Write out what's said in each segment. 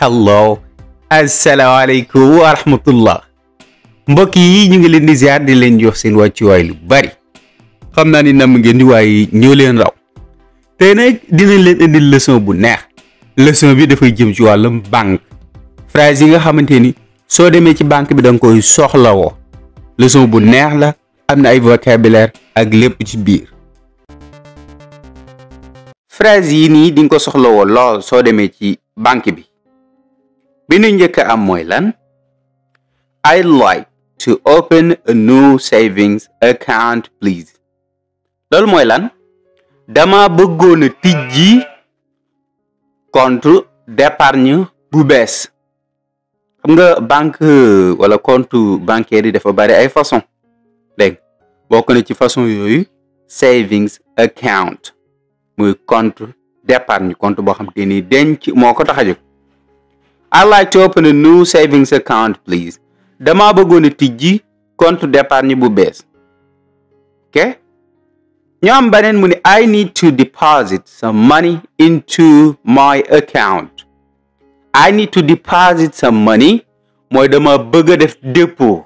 hello asalaamaaleykum wa rahmatullah mbokk yi ñu ngi leen di ziar di leen jox seen wàccuwaay lu bari xam naa ni nam ngeen di waaye ñoo leen raw tey nag dinañ leen indil leçon bu neex leçon bi dafay jëm ci wàllum banque phrase yi nga xamante ni soo demee ci banque bi da nga koy soxlawoo leçon bu neex la am na ay vocabulaire ak lépp ci biir. yi nii di nga ko soxlawoo lool soo demee ci banque bi. bi ñu njëkk am mooy lan I'd like to open a new savings account please loolu mooy lan dama bëggoon a tijji compte d'épargne bu bees xam nga banque euh, wala compte bancaire yi dafa bari ay façon dégg bokk na ci façon yooyu savings account muy compte d'épargne compte boo xam te ni denc moo ko tax a jóg I'd like to open a new savings account please dama bëggoon a contre compte d'épargne bu bees ok ñoom beneen mu ne I need to deposit some money into my account I need to deposit some money mooy dama bëgg a def dépôt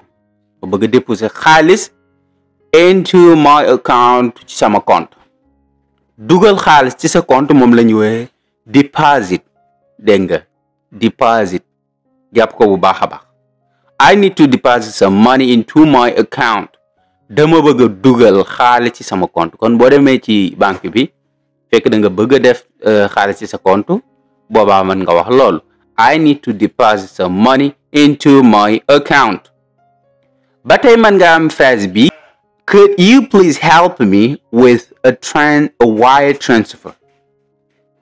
ma xaalis into my account ci sama contre dugal xaalis ci sa contre moom la ñu woowe deposit dégg nga deposit jàpp ko bu baax a baax I need to deposit some money into my account dama bëgg a dugal xaalis ci sama compte kon boo demee ci banque bi fekk da nga bëgg a def euh, xaalis ci sa compte boobaa mën nga wax loolu I need to deposit some money into my account ba tey mën nga am phrase bi could you please help me with a tran a wire transfer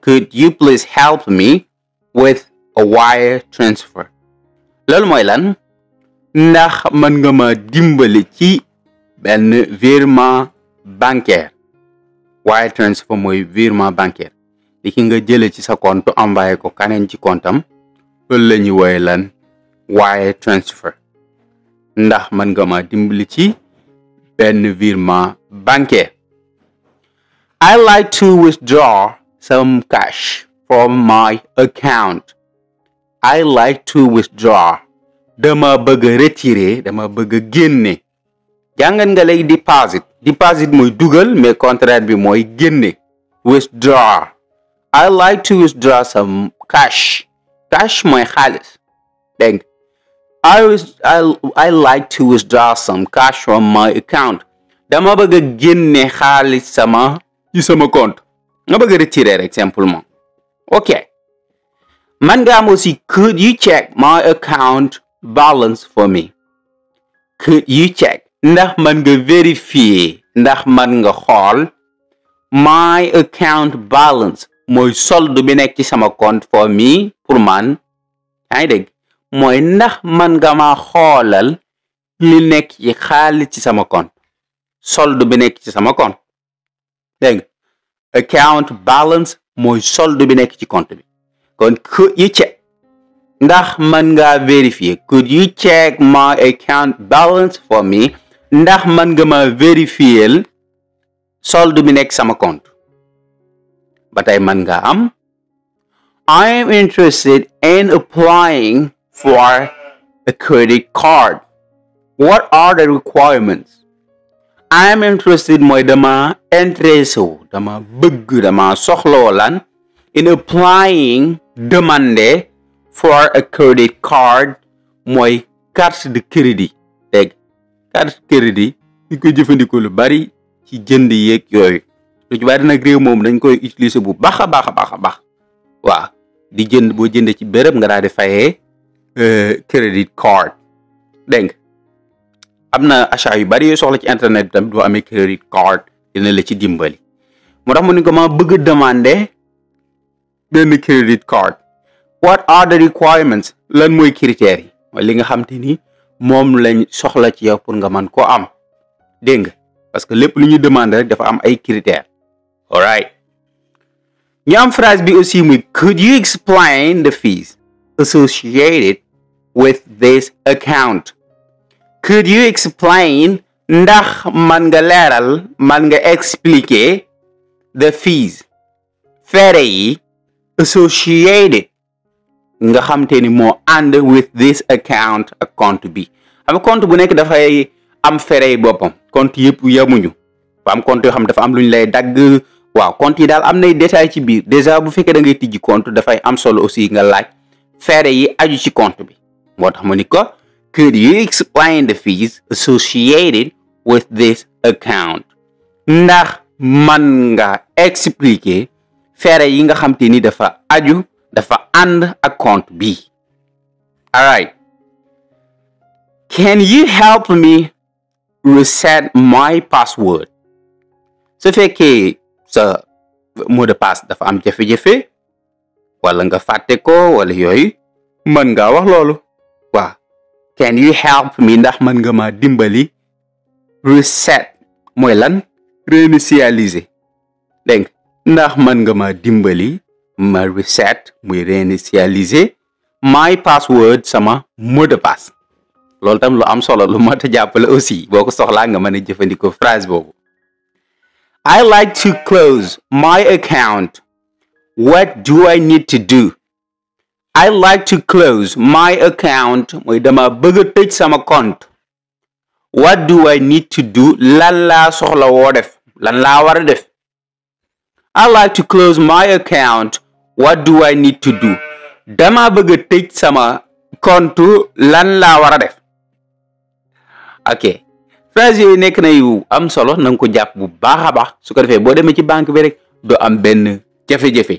could you please help me with a wire loolu mooy lan ndax mën nga ma dimbali ci benn virement bancaire wire transfer mooy virement bancaire li ki nga jële ci sa compte envoyé ko kaneen ci comptam loolu la ñuy wooye lan wire transfer ndax mën nga ma dimbali ci benn virement bancaire I like to withdraw some cash from my account I like to withdraw dama bëgg a dama bëgg a génne jàngat nga lay deposit deposit mooy dugal mais contraire bi mooy génne withdraw I like to withdraw some cash cash mooy xaalis dégg I, I, I like to withdraw some cash from my account dama bëgg a génne xaalis sama ci sama contre nga bëgg a retirer rek simplement ok Mangam aussi, could you check my account balance for me? Could you check? ndax man nga vérifier ndax man nga xool my account balance mooy sold bi nekk ci sama compte for me pour man yaa dégg mooy ndax man nga ma xoolal li nekk ci xaalis ci sama compte solde bi nekk ci sama compte dégg account balance mooy solde bi nekk ci compte bi kon could you check ndax mën nga vérifier could you check my account balance for me ndax man nga ma vérifier solde bi nekk sama cont ba tey mën nga am I am interested in applying for a credit card what are the requirements I am interested mooy dama intéressé wu dama bëgg dama soxloo lan in applying demander for a credit card mooy carte de crédit dégg carte de crédit koy jëfandikoo lu bari ci jënd yeeg yooyu lu ci bari nag réew moom dañ koy utiliser bu baax a baax a baax a baax waaw di jënd boo jëndee ci béréb nga daal di fayee euh, credit card dégg nga am na achat yu bari yooyu soxla ci internet bi tamit boo amee credit card dina la ci dimbali moo tax mu ne ko ma bëgg benn credit card what are the requirements lan mooy critères yi li nga xam ni moom lañ soxla ci yow pour nga man koo am dégg nga parce que lépp lu ñuy demande dafa am ay critères all ñu am phrase bi aussi muy could you explain the fees associated with this account could you explain ndax man nga leeral man nga expliquer the fees fere yi associated nga xam te ni moo ànd with this account ak compte bi am compte bu nekk dafay am frais boppam compte yëpp yamuñu fa am compte yoo xam dafa am lu ñu lay dagg waaw compte yi daal am nay détail ci biir déjà bu fekkee da ngay tijji compte dafay am solo aussi nga laaj fere yi aju ci compte bi moo tax mu ni ko could you explain the fees associated with this account ndax man nga expliquer fere yi nga xam ni dafa aju dafa ànd ak compte bi all right can you help me reset my password su fekkee sa mot de passe dafa am jafe-jafe wala nga fàtte ko wala yooyu mën nga wax loolu waa can you help me ndax mën nga ma dimbali reset mooy lan réinitialiser dégg nga ndax mën nga ma dimbali ma reset muy réinitialiser my password sama mot de passe tam lu am solo lu ma a jàppale aussi boo ko soxlaa nga mën a jëfandikoo phrase boobu I like to close my account what do I need to do mooy dama bëgg a tëj sama compte what lan laa soxla woo lan laa war def I like to close my account what do I need to do dama bëgg a tëj sama compte lan laa war a def ok phrase yooyu nekk na yu am solo na nga ko jàpp bu baax a baax su ko defee boo demee ci banque bi rek doo am benn jafe-jafe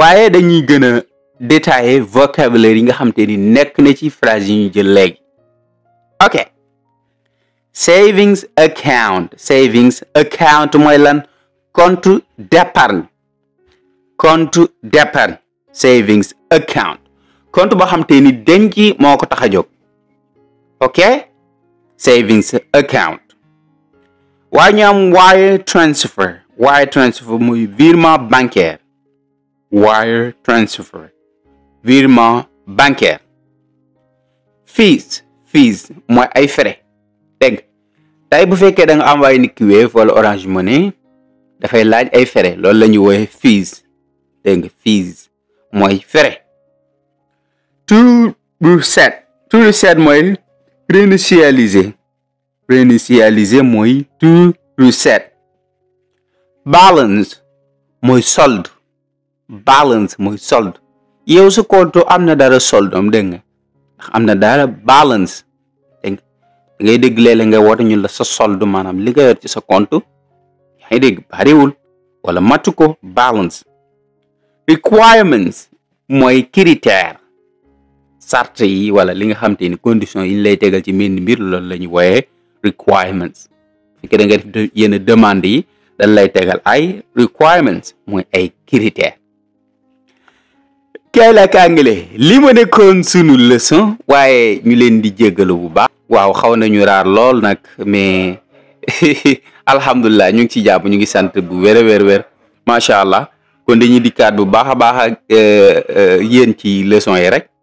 waaye dañuy gën a détailler vocabulaire yi nga xam te ni nekk na ci phrase yi ñu jël léegi ok savings account savings account mooy lan compte d'épargne compte d'épargne savings account compte boo xam te ni denc moo ko tax a jóg ok savings account waaye ñu wire transfer wire transfer muy virement bancaire wire transfer virement bancaire fees fees mooy ay frais dégg tey bu fekkee da nga envoyé nit wala Orange dafay laaj ay fere loolu la ñuy woowe fees dégg nga fees mooy fere tout bu set tout lu set mooy réinitialiser réinitialiser mooy tout lu set balance mooy sold balans mooy sold yow su konto am na dara solde am dégg nga ndax am na dara balance dégg nga da ngay dégg léeg nga woote ñu la sa solde maanaam li nga yor ci sa compte yaa ngi dégg bariwul wala matu ko balance requirements mooy critère sart yi wala li nga xam ni condition yi lay tegal ci mbind mbir loolu la ñu wooyee requirements fekk da nga yenn demande yi dañ lay tegal ay requirements mooy ay critère kay la kàngale li ma nekkoon sunu leçon waaye ñu leen di jéggalu bu baax waaw xaw nañu raar lool nag mais alhamdulilah ñu ngi ci jàpp ñu ngi sant bu wér a wér wér macha allah kon dañuy dikkaat bu baax a baax ak eh, eh, yéen ci leçon yi rek